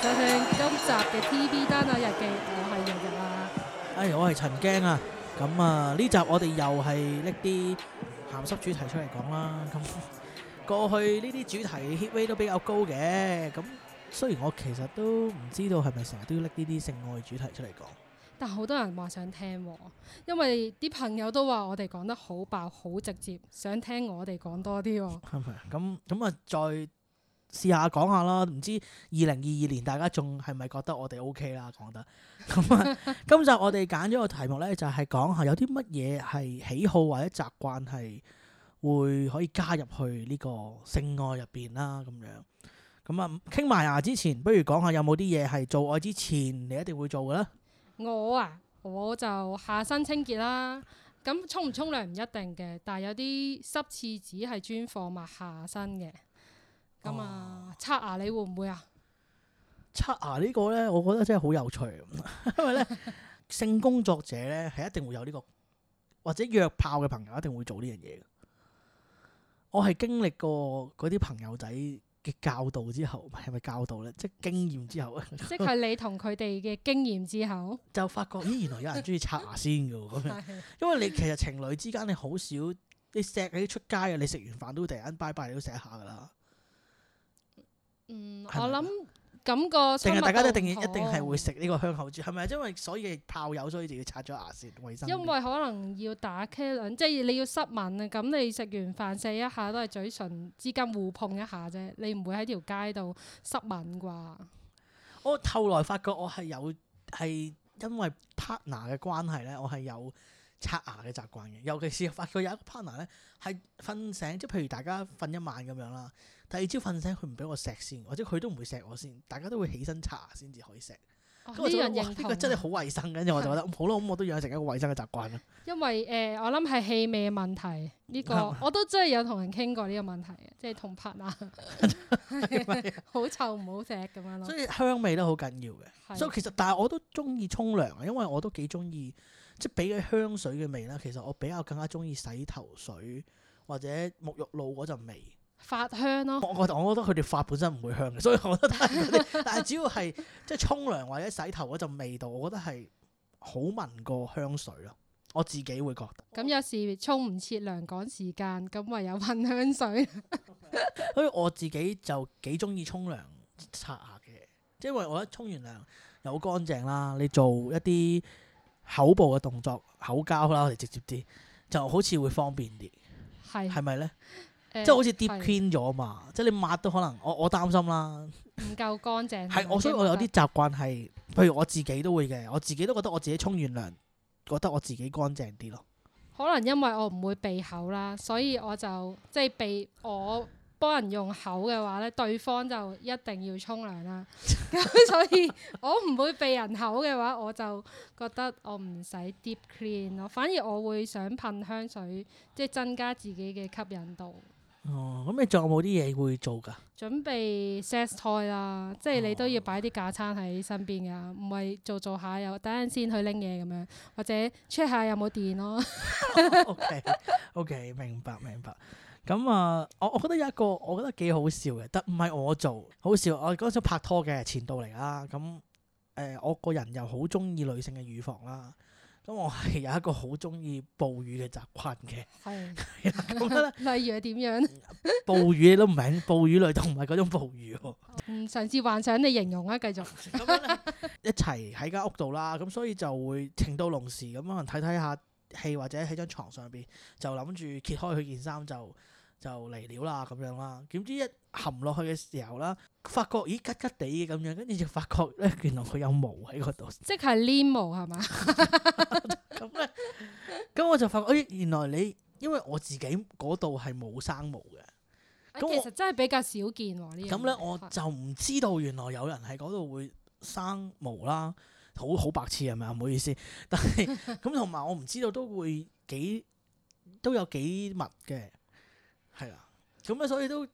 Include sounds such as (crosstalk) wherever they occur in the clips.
就聽今集嘅 TV 單啊日記，我係日日啊！哎，我係陳驚啊！咁啊，呢集我哋又係拎啲鹹濕主題出嚟講啦。咁過去呢啲主題 hit rate 都比較高嘅。咁雖然我其實都唔知道係咪成日都要拎呢啲性愛主題出嚟講，但好多人話想聽、啊，因為啲朋友都話我哋講得好爆、好直接，想聽我哋講多啲、啊。係咪、嗯？咁咁啊，再。試下講下啦。唔知二零二二年大家仲係咪覺得我哋 O K 啦，講得咁啊。今集我哋揀咗個題目咧，就係講下有啲乜嘢係喜好或者習慣係會可以加入去呢個性愛入邊啦，咁樣。咁啊，傾埋牙之前，不如講下有冇啲嘢係做愛之前你一定會做嘅啦？我啊，我就下身清潔啦。咁沖唔沖涼唔一定嘅，但係有啲濕廁紙係專放抹下身嘅。啊，刷牙你會唔會啊？刷牙呢個咧，我覺得真係好有趣，因為咧， (laughs) 性工作者咧係一定會有呢、這個，或者約炮嘅朋友一定會做呢樣嘢嘅。我係經歷過嗰啲朋友仔嘅教導之後，唔係咪教導咧？即、就、係、是、經驗之後，即係你同佢哋嘅經驗之後，就發覺咦，原來有人中意刷牙先嘅咁 (laughs) (laughs) 因為你其實情侶之間，你好少你錫你出街啊，你食完飯都突然間拜拜你都錫下噶啦。 (laughs) 嗯，我諗想感、嗯、個寵物，大家都一定都一定係會食呢個香口珠，係咪？因為所以炮友所以就要刷咗牙先。衛生。因為可能要打茄輪，即係你要濕吻啊，咁你食完飯食一下都係嘴唇之間互碰一下啫，你唔會喺條街度濕吻啩？我後來發覺我係有係因為 partner 嘅關係咧，我係有刷牙嘅習慣嘅，尤其是發覺有一個 partner 咧，係瞓醒，即係譬如大家瞓一晚咁樣啦。第二朝瞓醒，佢唔俾我錫先，或者佢都唔會錫我先，大家都會起身擦先至可以錫。咁我就哇，呢個真係好衞生，跟住我就覺得好咯，咁我都養成一個衞生嘅習慣啦。因為誒、呃，我諗係氣味嘅問題，呢、呢個 (laughs) 我都真係有同人傾過呢個問題，即係同 partner。好臭唔好錫咁樣咯。 (laughs) 所以香味都好緊要嘅。的所以其實，但係我都中意沖涼，因為我都幾中意，即係比起香水嘅味啦。其實我比較更加中意洗頭水或者沐浴露嗰陣味。髮香咯，啊，我我我覺得佢哋髮本身唔會香嘅，所以我覺得 (laughs) 但係只要係，即係沖涼或者洗頭嗰陣味道，我覺得係好聞過香水咯。我自己會覺得咁，嗯、有時沖唔切涼趕時間，咁唯有噴香水。所 (laughs) 以 (laughs) 我自己就幾中意沖涼刷牙嘅，即係因為我覺得沖完涼又好乾淨啦，你做一啲口部嘅動作，口膠啦，我哋直接啲，就好似會方便啲，係係咪咧？是即係好似 deep clean 咗嘛？的即係你抹都可能，我我擔心啦，唔夠乾淨。係， (laughs) 所以我有啲習慣係， (laughs) 譬如我自己都會嘅，我自己都覺得我自己沖完涼，覺得我自己乾淨啲咯。可能因為我唔會避口啦，所以我就即係、就是、避我幫人用口嘅話咧，對方就一定要沖涼啦。咁 (laughs) 所以我唔會避人口嘅話，我就覺得我唔使 deep clean 咯，反而我會想噴香水，即係增加自己嘅吸引度。哦，咁你仲有冇啲嘢會做噶？準備 sex toy 啦，哦、即係你都要擺啲架撐喺身邊㗎，唔係做做，做下又等陣先去拎嘢咁樣，或者 check 下有冇電咯。OK，OK，明白明白。咁啊，我我覺得有一個，我覺得幾好笑嘅，但唔係我做，好笑。我嗰陣拍拖嘅前度嚟啦，咁誒、呃，我個人又好中意女性嘅乳房啦。咁我係有一個好鍾意暴雨嘅習慣嘅，係， (laughs) 例如係點樣？ (laughs) 暴雨你都唔明，暴雨類都唔係嗰種暴雨喎。 (laughs) 嗯，上次幻想你形容啊，繼續。咁 (laughs) 樣一齊喺間屋度啦，咁所以就會情到濃時咁可能睇睇下戲或者喺張床上邊就諗住揭開佢件衫就。就嚟了啦，咁樣啦，點知一含落去嘅時候啦，發覺咦，吉吉地嘅咁樣，跟住就發覺咧，原來佢有毛喺嗰度，即係粘毛係嘛？咁咧，咁 (laughs) (laughs) 我就發覺咦，哎，原來你因為我自己嗰度係冇生毛嘅，咁，啊，我其實真係比較少見 (laughs) 樣。呢。咁咧，我就唔知道原來有人喺嗰度會生毛啦，好好白痴係咪啊？唔好意思，但係咁同埋我唔知道都會幾都有幾密嘅。係啦，咁咧、嗯、所以都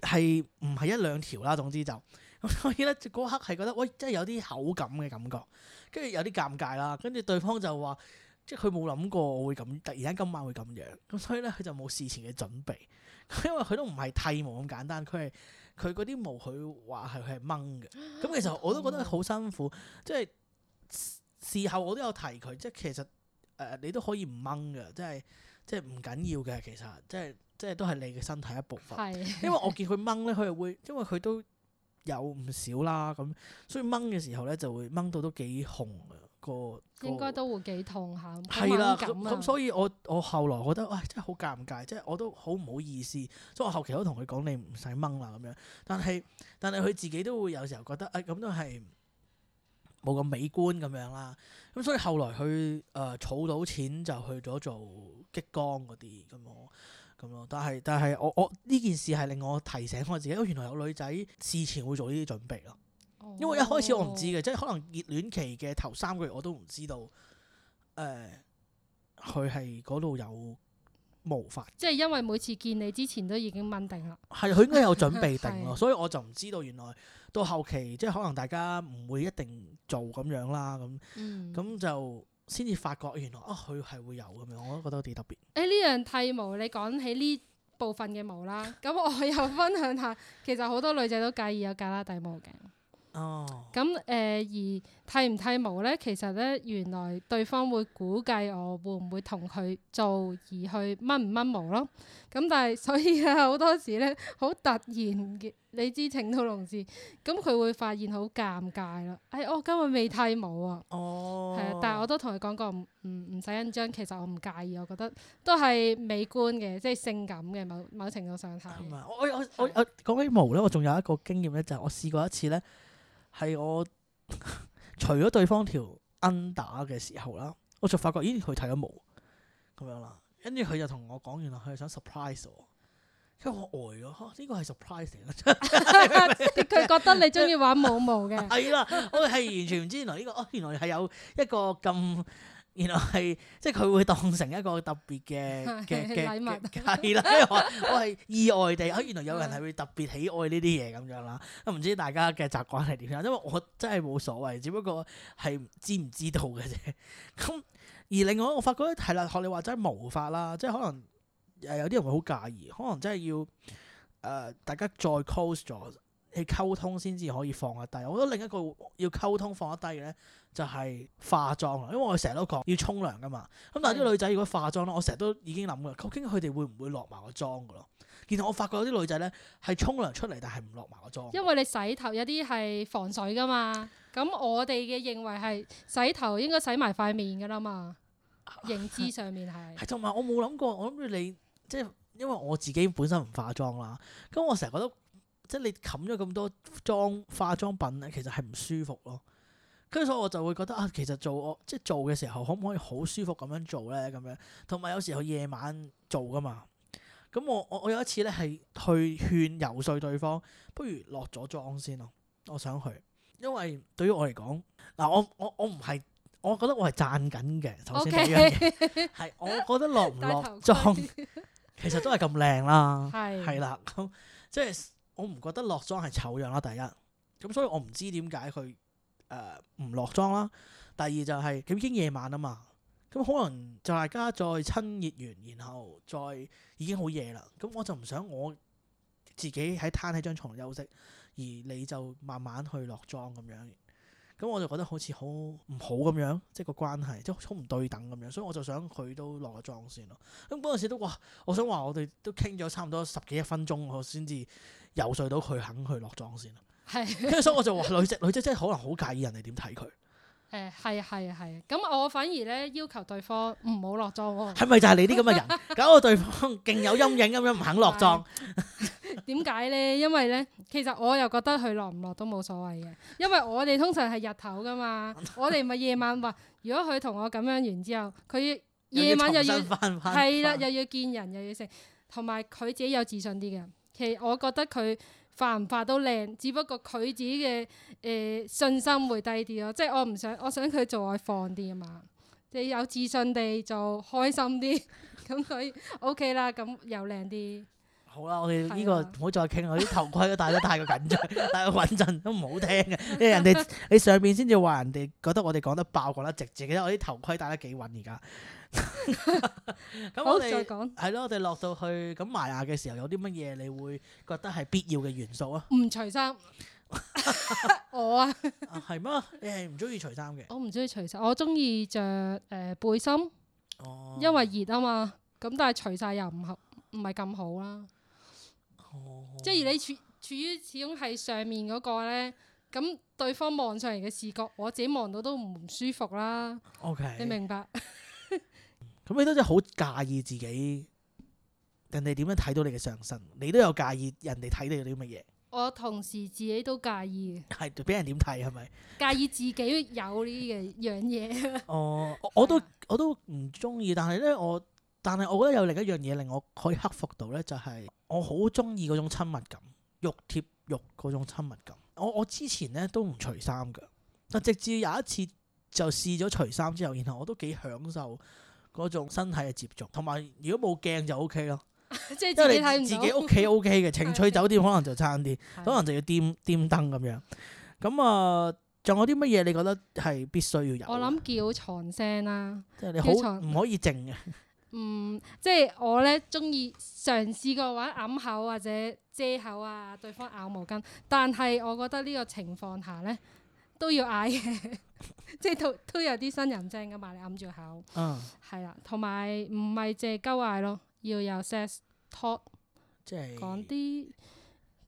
係唔係一兩條啦，總之就咁、嗯、所以咧嗰、那個、刻係覺得，喂，真係有啲口感嘅感覺，跟住有啲尷尬啦。跟住對方就話，即係佢冇諗過我會咁，突然間今晚會咁樣。咁、嗯、所以咧佢就冇事前嘅準備，因為佢都唔係剃毛咁簡單，佢係佢嗰啲毛佢話係佢係掹嘅。咁、嗯、其實我都覺得好辛苦，即係事後我都有提佢，即係其實誒你都可以唔掹嘅，即係即係唔緊要嘅，其實、呃、即係。即即係都係你嘅身體一部分，是的 因為我見佢掹咧，佢又會，因為佢都有唔少啦咁、嗯，所以掹嘅時候咧就會掹到都幾紅個，個應該都會幾痛下，係啦咁所以我我後來覺得，哇、哎，真係好尷尬，即係我都好唔好意思。所以我後期都同佢講，你唔使掹啦咁樣。但係但係佢自己都會有時候覺得誒，咁、哎、都係冇咁美觀咁樣啦。咁、嗯、所以後來佢誒儲到錢就去咗做激光嗰啲咁咯。咁咯，但係但係我我呢件事係令我提醒我自己，原來有女仔事前會做呢啲準備咯，哦、因為一開始我唔知嘅，哦、即係可能熱戀期嘅頭三個月我都唔知道，誒、呃，佢係嗰度有毛髮。即係因為每次見你之前都已經掹定啦，係佢應該有準備定咯， (laughs) 是所以我就唔知道原來到後期即係可能大家唔會一定做咁樣啦，咁，咁、嗯、就。先至發覺原來啊，佢係會有咁樣，我都覺得有啲特別。誒、欸，呢樣剃毛，你講起呢部分嘅毛啦，咁 (laughs) 我又分享下，其實好多女仔都介意有咖啦底毛嘅。哦、嗯，咁誒而剃唔剃毛咧？其實咧，原來對方會估計我會唔會同佢做而去掹唔掹毛咯。咁但係所以好多時咧好突然嘅，你知情到濃時，咁佢會發現好尷尬啦。哎，我、哦、今日未剃毛啊。哦，係啊，但係我都同佢講過唔唔唔使緊張，其實我唔介意，我覺得都係美觀嘅，即係性感嘅某某程度上睇，係咪？係咪？我我我我講起毛咧，我仲有一個經驗咧，就係、係、我試過一次咧。係是我 (laughs) 除咗對方條 under 嘅時候啦，我就發覺咦，佢睇咗毛咁樣啦，跟住佢就同我講，原來佢係想 surprise 我，因為我呆咗，呢、啊呢個係 surprise 嚟嘅，佢覺得你中意玩冇毛嘅。係啦，我係完全唔知 (laughs) (laughs) 原來呢個，哦，原來係有一個咁。原來係即係佢會當成一個特別嘅嘅嘅禮物，係啦，我我係意外地啊， (laughs) 原來有人係會特別喜愛呢啲嘢咁樣啦。咁唔知大家嘅習慣係點樣？因為我真係冇所謂，只不過係知唔知道嘅啫。咁而另外我發覺係啦，學你話齋毛髮啦，即係可能誒有啲人會好介意，可能真係要誒、呃、大家再 close 咗。去溝通先至可以放得低，我覺得另一個要溝通放得低嘅呢，就係化妝啦。因為我成日都講要沖涼㗎嘛，咁但係啲女仔如果化妝咧，我成日都已經諗過，究竟佢哋會唔會落埋個妝㗎咯？然後我發覺有啲女仔呢，係沖涼出嚟，但係唔落埋個妝。因為你洗頭有啲係防水㗎嘛，咁我哋嘅認為係洗頭應該洗埋塊面㗎啦嘛，認知上面係。同埋 (laughs) 我冇諗過，我諗住你即係因為我自己本身唔化妝啦，咁我成日覺得。即係你冚咗咁多妝化妝品咧，其實係唔舒服咯。跟住所以我就會覺得啊，其實做我即係做嘅時候，可唔可以好舒服咁樣做咧？咁樣同埋有時候夜晚做噶嘛。咁我我我有一次咧係去勸遊說對方，不如落咗妝先咯。我想去，因為對於我嚟講嗱，我我我唔係，我覺得我係讚緊嘅。Okay. 首先呢樣嘢係，我覺得落唔落妝其實都係咁靚啦。係係啦，咁即係。我唔覺得落妝係醜樣啦，第一咁，所以我唔知點解佢誒唔落妝啦。第二就係，佢已經夜晚啊嘛，咁可能就大家再親熱完，然後再已經好夜啦。咁我就唔想我自己喺攤喺張床休息，而你就慢慢去落妝咁樣。咁我就覺得好似好唔好咁樣，即係個關係，即係好唔對等咁樣，所以我就想佢都落咗妝先咯。咁嗰陣時都哇，我想話我哋都傾咗差唔多十幾一分鐘，我先至游說到佢肯去落妝先咯。跟住是的 所以我就話 (laughs) 女仔女仔真係可能好介意人哋點睇佢。誒係係係，咁我反而咧要求對方唔好落妝。係咪就係你啲咁嘅人， (laughs) 搞到對方勁有陰影咁樣唔肯落妝？的 (laughs) 點解呢？因為呢，其實我又覺得佢落唔落都冇所謂嘅，因為我哋通常係日頭㗎嘛， (laughs) 我哋咪夜晚話。如果佢同我咁樣完之後，佢夜晚又要，係啦，又要見人，又要食，同埋佢自己有自信啲嘅。其實我覺得佢化唔化都靚，只不過佢自己嘅誒、呃、信心會低啲咯。即、就、係、是、我唔想，我想佢做愛放啲啊嘛。即、就是、有自信地做，開心啲，咁 (laughs) 佢 OK 啦，咁又靚啲。好啦，我哋呢個唔好再傾，我啲頭盔都戴得太， (laughs) 太過緊張，戴得穩陣都唔好聽嘅。 (laughs) 因為人哋你上面先至話人哋覺得我哋講得爆過得直接嘅。我啲頭盔戴得幾穩而家。咁 (laughs) 我哋們 (laughs) 再講係咯，我哋落到去咁埋牙嘅時候，有啲乜嘢你會覺得係必要嘅元素啊？唔除衫，我啊，係咩？你係唔中意除衫嘅？我唔中意除衫，我中意着誒背心。Oh. 因為熱啊嘛。咁但係除晒又唔合，唔係咁好啦。即係而你處處於始終係上面嗰個咧，咁對方望上嚟嘅視覺，我自己望到都唔舒服啦。哦，係，你明白？咁、嗯、你都真係好介意自己，人哋點樣睇到你嘅上身，你都有介意人哋睇你啲乜嘢。我同時自己都介意，係俾人點睇係咪？介意自己有呢啲嘅樣嘢。 (laughs) 哦，我都我都唔中意，但係咧我。但係我覺得有另一樣嘢令我可以克服到咧，就係我好中意嗰種親密感，肉貼肉嗰種親密感。我我之前咧都唔除衫噶，就直至有一次就試咗除衫之後，然後我都幾享受嗰種身體嘅接觸。同埋如果冇鏡就 O K 咯，即係你睇唔到， (laughs) 因為你自己屋企 O K 嘅，情趣酒店可能就差啲，的可能就要掂掂燈咁樣。咁啊，仲有啲乜嘢你覺得係必須要有？我諗叫床聲啦、啊，即係你好，唔床可以靜嘅。嗯，即係我咧中意嘗試過玩揞口或者遮口啊，對方咬毛巾。但係我覺得呢個情況下咧都要嗌嘅， (laughs) 即係都都有啲呻吟聲噶嘛，你揞住口。嗯。係啦，同埋唔係借鳩嗌咯，要有 sex talk，即係講啲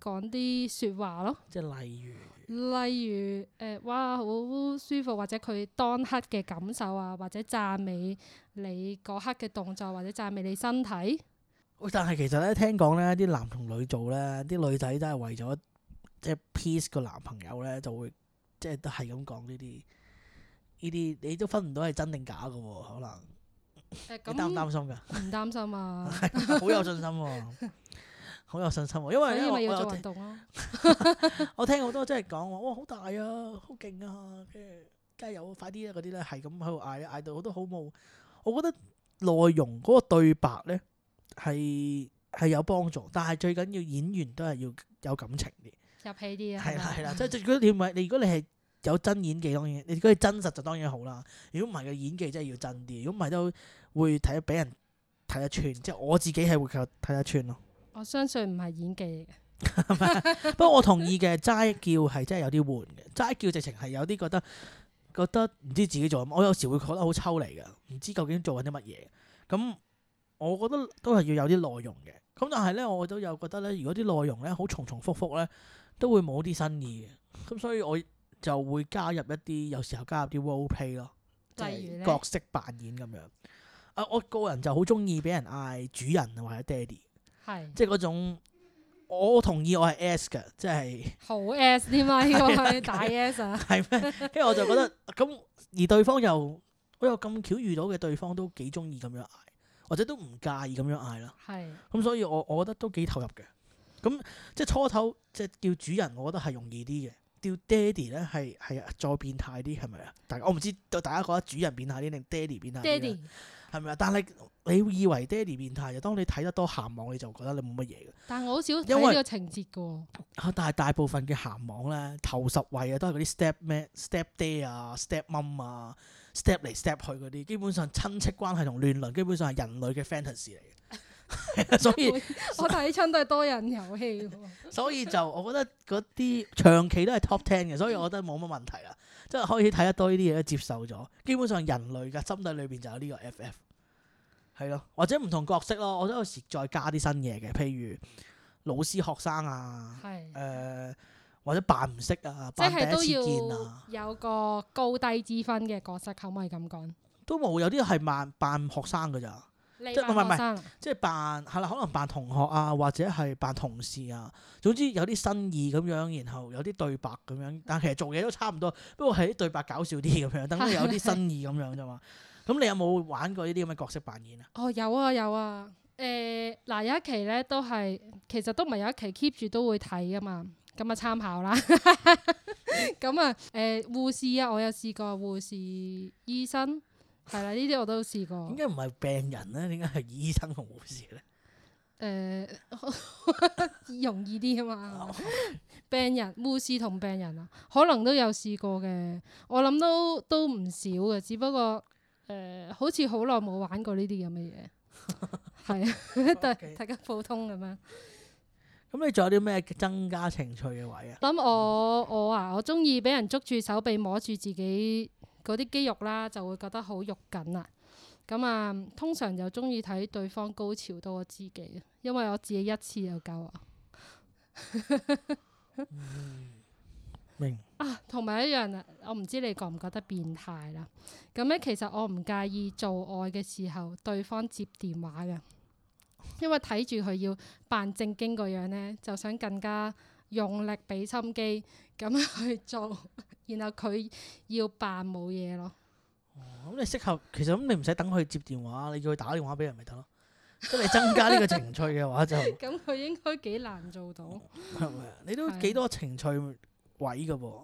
講啲說話咯。即係例如。例如誒、呃，哇，好舒服，或者佢當刻嘅感受啊，或者讚美你嗰刻嘅動作，或者讚美你身體。喂，但係其實咧，聽講咧，啲男同女做咧，啲女仔都係為咗即係 please 個男朋友咧，就會即係都係咁講呢啲呢啲，就是、你都分唔到係真定假㗎喎，可能。誒唔、呃、 (laughs) 擔唔擔心㗎？唔擔心啊，好 (laughs) (laughs) 有信心喎、啊。好有信心喎，因為咧我要動 (laughs) 我聽好多真係講話，哇，好大啊，好勁啊，跟住加油啊，快啲啊嗰啲咧係咁喺度嗌啊嗌到我都好冇。我覺得內容嗰個對白咧係係有幫助，但係最緊要演員都係要有感情啲，入戲啲啊。係啦係啦，嗯、即係如果你唔係你如果你係有真演技當然，如果你真實就當然好啦。如果唔係嘅演技真係要真啲，如果唔係都會睇俾人睇一串。即係我自己係會睇一串咯。我相信唔係演技嘅， (laughs) 不過我同意嘅齋 (laughs) 叫係真係有啲悶嘅。齋叫直情係有啲覺得覺得唔知自己做乜。我有時會覺得好抽離嘅，唔知究竟做緊啲乜嘢。咁我覺得都係要有啲內容嘅。咁但係咧，我都有覺得咧，如果啲內容咧好重重複複咧，都會冇啲新意嘅。咁所以我就會加入一啲有時候加入啲 role play 咯，即係、角色扮演咁樣。啊，我個人就好中意俾人嗌主人或者爹哋。係，即係嗰種，我同意我係 S 嘅，即係好 S 添 (laughs) 啊！呢個係大 S 啊 嗎，係咩？跟住我就覺得咁，而對方又我又咁巧遇到嘅對方都幾中意咁樣嗌，或者都唔介意咁樣嗌啦。係是，咁、嗯、所以我我覺得都幾投入嘅。咁即係初頭即係叫主人，我覺得係容易啲嘅。叫爹哋咧係，係啊，再變態啲，係咪啊？大家我唔知，大家覺得主人變態啲定爹哋變態啲？係咪啊？但係你以為爹哋變態，就當你睇得多鹹網，你就覺得你冇乜嘢嘅。但我好少睇呢個情節嘅。但係大部分嘅鹹網咧，頭十位啊，都係嗰啲 step 咩 step Day 啊、step mum 啊、step 嚟 step 去嗰啲，基本上親戚關係同亂倫，基本上係人類嘅 fantasy 嚟嘅。 (laughs) (laughs) 所以我睇親都係多人遊戲。 (laughs) (laughs) 所以就我覺得嗰啲長期都係 top ten 嘅，所以我覺得冇乜問題啦。即係開始睇得多呢啲嘢，接受咗。基本上人類嘅心底裏邊就有呢個 FF，係咯，或者唔同角色咯。我都有時再加啲新嘢嘅，譬如老師、學生啊，誒係、呃、或者扮唔識啊，即係第一次見啊，有個高低之分嘅角色，可唔可以咁講？都冇，有啲係扮扮學生㗎咋。即唔係唔係，即係扮係啦，就是，可能扮同學啊，或者係扮同事啊，總之有啲新意咁樣，然後有啲對白咁樣，但其實做嘢都差唔多，不過係啲對白搞笑啲咁樣，等等有啲新意咁樣啫嘛。咁的你有冇玩過呢啲咁嘅角色扮演啊？哦，有啊有啊，誒、呃、嗱有一期咧都係，其實都唔係有一期 keep 住都會睇噶嘛，咁啊參考啦。咁啊誒護士啊，我有試過護士醫生。係啦，呢啲我都試過。點解唔係病人咧？點解係醫生同護士咧？誒、呃，容易啲啊嘛！ (laughs) 病人、護士同病人啊，可能都有試過嘅。我諗都都唔少嘅，只不過誒、呃，好似好耐冇玩過呢啲咁嘅嘢。係啊 (laughs) 的，大大家普通咁樣。咁你仲有啲咩增加情趣嘅位啊？諗我我啊，我中意俾人捉住手臂，摸住自己。嗰啲肌肉啦，就會覺得好肉緊啦。咁、嗯、啊，通常就中意睇對方高潮多過自己，因為我自己一次就夠、 (laughs) 嗯、啊。明啊，同埋一樣啊，我唔知你覺唔覺得變態啦。咁、嗯、咧，其實我唔介意做愛嘅時候對方接電話嘅，因為睇住佢要扮正經個樣咧，就想更加用力俾心機咁去做。然後佢要扮冇嘢咯。哦，咁你適合，其實咁你唔使等佢接電話，你叫佢打電話俾人咪得咯。即係你增加呢個情趣嘅話就。咁佢應該幾難做到。係咪啊？你都幾多情趣位噶噃？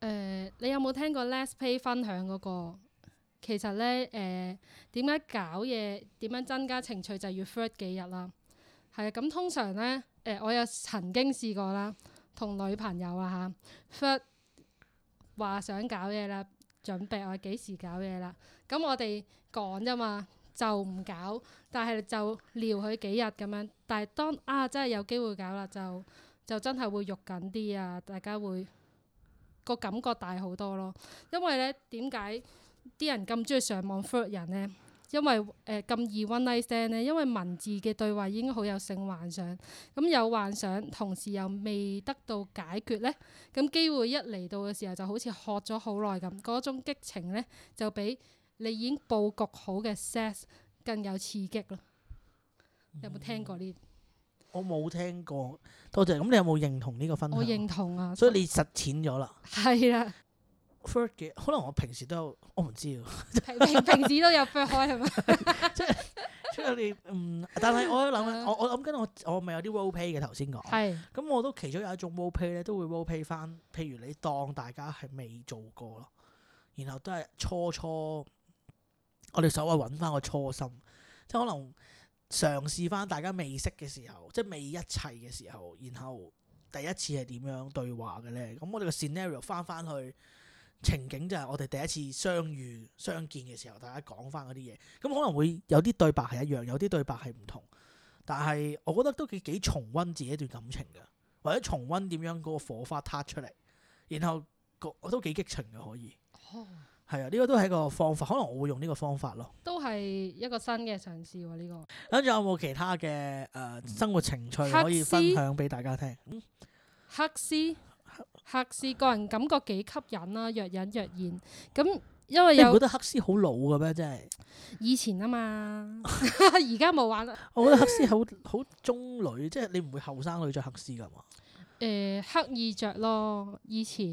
誒，你有冇聽過 Last Pay 分享嗰個？其實咧，誒點解搞嘢點樣增加情趣就係要 first 幾日啦。係啊，咁通常咧，誒我有曾經試過啦，同女朋友啊嚇 first。話想搞嘢啦，準備我幾時搞嘢啦？咁我哋講啫嘛，就唔搞，但係就撩佢幾日咁樣。但係當啊，真係有機會搞啦，就就真係會肉緊啲啊！大家會個感覺大好多咯。因為呢點解啲人咁中意上網 flirt 人呢？因為誒咁易 one night stand 咧，因為文字嘅對話已經好有性幻想，咁有幻想同時又未得到解決咧，咁機會一嚟到嘅時候就好似渴咗好耐咁，嗰種激情咧就比你已經佈局好嘅 sex 更有刺激咯。嗯、有冇聽過呢？我冇聽過，多謝，謝。咁你有冇認同呢個分享？我認同啊，所以你實踐咗啦。係啦。嘅，gear, 可能我平時都有，我唔知平 (laughs) 平時都有 break 開係咪？即係即係你嗯，但係我諗、uh,，我我諗緊，我我咪有啲 roll pay 嘅，頭先講。係。咁是我都其中有一種 roll pay 咧，都會 roll pay 翻。譬如你當大家係未做過咯，然後都係初初，我哋所謂揾翻個初心，即係可能嘗試翻大家未識嘅時候，即係未一切嘅時候，然後第一次係點樣對話嘅咧？咁我哋個 scenario 翻翻去。情景就係我哋第一次相遇、相見嘅時候，大家講翻嗰啲嘢，咁、嗯、可能會有啲對白係一樣，有啲對白係唔同，但係我覺得都幾幾重溫自己一段感情嘅，或者重溫點樣嗰個火花撻出嚟，然後個都幾激情嘅可以，係、哦、啊，呢、這個都係一個方法，可能我會用呢個方法咯，都係一個新嘅嘗試喎呢個。跟住有冇其他嘅誒、呃嗯、生活情趣可以分享俾大家聽？黑絲思。黑絲？黑絲個人感覺幾吸引啦，若隱若現。咁因為有，你覺得黑絲好老嘅咩？真係以前啊嘛，而家冇玩啦。我覺得黑絲好好中女， (laughs) 即係你唔會後生女着黑絲噶嘛？誒、呃，刻意着咯，以前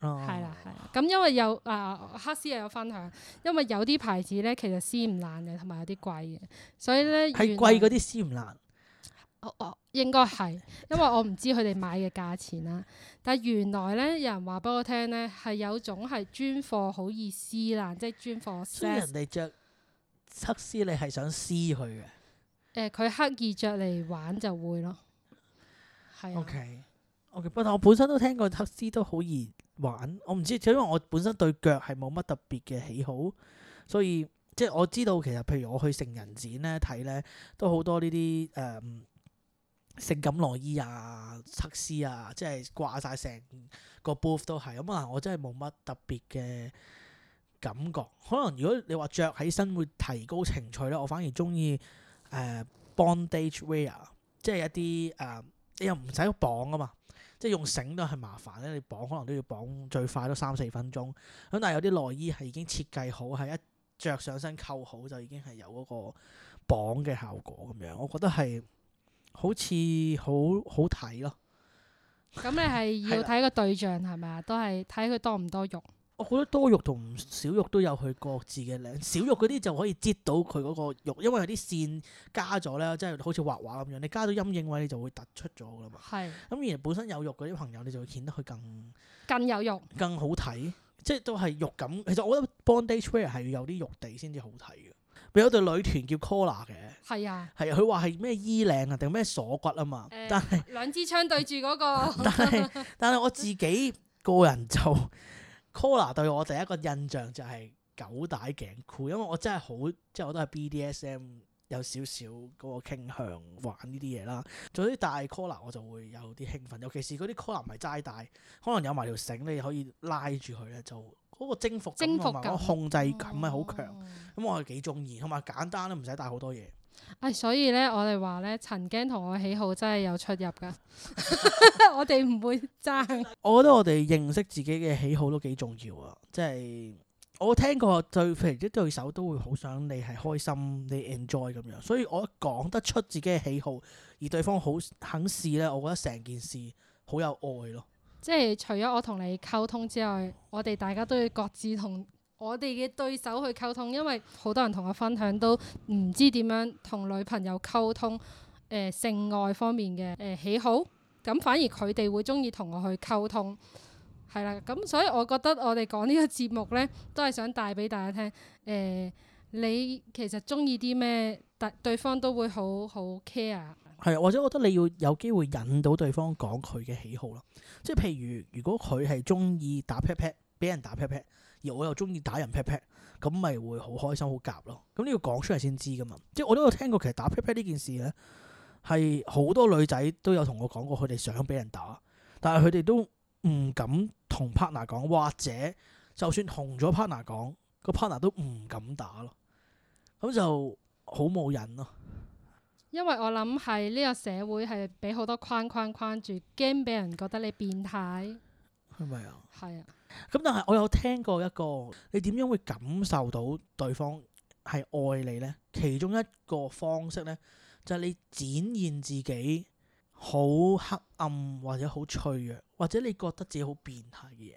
係、啊、啦係咁因為有啊、呃，黑絲又有分享。因為有啲牌子咧，其實絲唔爛嘅，同埋有啲貴嘅，所以咧係貴嗰啲絲唔爛。應該係，因為我唔知佢哋買嘅價錢啦。 (laughs) 但係原來咧，有人話俾我聽咧，係有種係專貨好易撕爛，即係專貨撕。即係人哋着黑絲，你係想撕佢嘅？誒、欸，佢刻意着嚟玩就會咯。係、啊。O K，O K，不過我本身都聽過黑絲都好易玩，我唔知，只因為我本身對腳係冇乜特別嘅喜好，所以即係我知道其實，譬如我去成人展咧睇咧，都好多呢啲誒。呃性感內衣啊、測試啊，即係掛晒成個 booth 都係咁啊！我真係冇乜特別嘅感覺。可能如果你話着起身會提高情趣咧，我反而中意誒、呃、bondage wear，即係一啲誒、呃、你又唔使綁啊嘛，即係用繩都係麻煩咧。你綁可能都要綁最快都三四分鐘。咁但係有啲內衣係已經設計好，係一着上身扣好就已經係有嗰個綁嘅效果咁樣。我覺得係。好似好好睇咯。咁你係要睇個對象係咪啊？都係睇佢多唔多肉。我覺得多肉同少肉都有佢各自嘅靚。少肉嗰啲就可以擠到佢嗰個肉，因為有啲線加咗咧，即係好似畫畫咁樣，你加到陰影位，你就會突出咗㗎嘛。係的，咁而本身有肉嗰啲朋友，你就會顯得佢更更有肉，更好睇。即係都係肉感。其實我覺得 Bondage Wear 係要有啲肉地先至好睇嘅。有對女團叫 COLLAR 嘅，係啊，係啊，佢話係咩衣領啊定咩鎖骨啊嘛，但係兩支槍對住嗰個，但係但係我自己個人就 (laughs) COLLAR 對我第一個印象就係狗帶頸箍，因為我真係好即係我都係 BDSM 有少少嗰個傾向玩呢啲嘢啦，總之但係 COLLAR 我就會有啲興奮，尤其是嗰啲 COLLAR 唔係齋帶，可能有埋條繩你可以拉住佢咧就。嗰個征服感同個控制感係好強，咁、哦嗯、我係幾鍾意，同埋簡單都唔使帶好多嘢。唉、哎，所以咧，我哋話咧，曾經同我喜好真係有出入㗎， (laughs) (laughs) 我哋唔會爭。 (laughs) 我覺得我哋認識自己嘅喜好都幾重要啊！即、就、係、是、我聽過對譬如一對手都會好想你係開心，你 enjoy 咁樣，所以我講得出自己嘅喜好，而對方好肯試咧，我覺得成件事好有愛咯。即係除咗我同你溝通之外，我哋大家都要各自同我哋嘅對手去溝通，因為好多人同我分享都唔知點樣同女朋友溝通，呃、性愛方面嘅、呃、喜好，咁反而佢哋會中意同我去溝通，係啦，咁所以我覺得我哋講呢個節目呢，都係想帶俾大家聽，誒、呃、你其實中意啲咩，對對方都會好好 care。係，或者我覺得你要有機會引到對方講佢嘅喜好咯。即係譬如，如果佢係中意打 pat pat，俾人打 pat pat，而我又中意打人 pat pat，咁咪會好開心、好夾咯。咁你要講出嚟先知噶嘛。即係我都有聽過，其實打 pat pat 呢件事咧，係好多女仔都有同我講過，佢哋想俾人打，但係佢哋都唔敢同 partner 講，或者就算同咗 partner 講，個 partner 都唔敢打咯。咁就好冇癮咯。因為我諗係呢個社會係俾好多框框框住，驚俾人覺得你變態，係咪啊？係啊。咁但係我有聽過一個，你點樣會感受到對方係愛你呢？其中一個方式呢，就係你展現自己好黑暗或者好脆弱，或者你覺得自己好變態嘅嘢，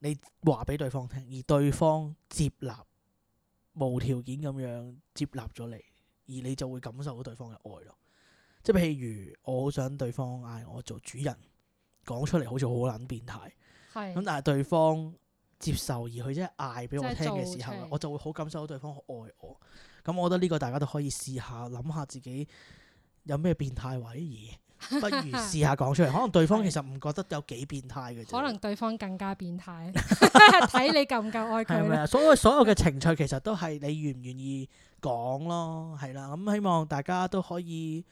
你話俾對方聽，而對方接納，無條件咁樣接納咗你。而你就會感受到對方嘅愛咯，即係譬如我好想對方嗌我做主人，講出嚟好似好撚變態，咁是但係對方接受而佢即係嗌俾我聽嘅時候，我就會好感受到對方好愛我。咁我覺得呢個大家都可以試下，諗下自己有咩變態位而。 (laughs) 不如試下講出嚟，可能對方其實唔覺得有幾變態嘅啫。 (laughs) 可能對方更加變態，睇 (laughs) (laughs) 你夠唔夠愛佢。所以所有嘅情趣其實都係你願唔願意講咯，係啦。咁希望大家都可以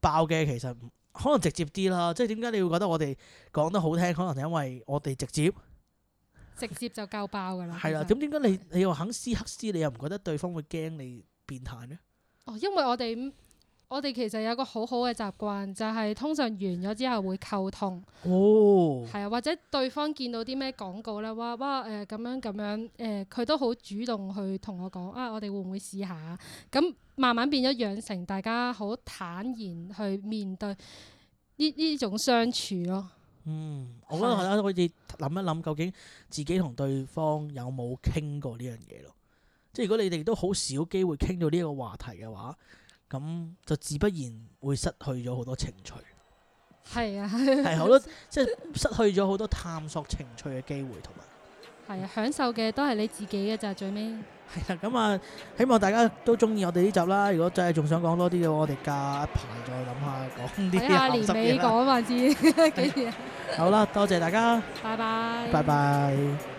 爆嘅，其實可能直接啲啦。即係點解你會覺得我哋講得好聽，可能係因為我哋直接， (laughs) 直接就夠爆噶啦。係啦吧，點點解你你又肯撕黑絲？ (laughs) 你又唔覺得對方會驚你變態咧？哦，因為我哋。我哋其實有個好好嘅習慣，就係通常完咗之後會溝通。哦，係啊，或者對方見到啲咩廣告咧，話哇誒咁樣咁樣誒，佢都好主動去同我講啊，我哋會唔會試下？咁慢慢變咗養成，大家好坦然去面對呢呢種相處咯。嗯，我覺得大家可以諗一諗，究竟自己同對方有冇傾過呢樣嘢咯？即係如果你哋都好少機會傾到呢一個話題嘅話。咁就自不然會失去咗好多情趣，係啊，係好多即係失去咗好多探索情趣嘅機會，同埋係啊，享受嘅都係你自己嘅咋最尾，係啦、啊，咁啊，希望大家都中意我哋呢集啦。如果真係仲想講多啲嘅，我哋加一排再諗下講啲啲。年尾講啊嘛，幾時 (laughs) (laughs) 啊？ (laughs) 好啦，多謝大家，拜拜 bye，拜拜。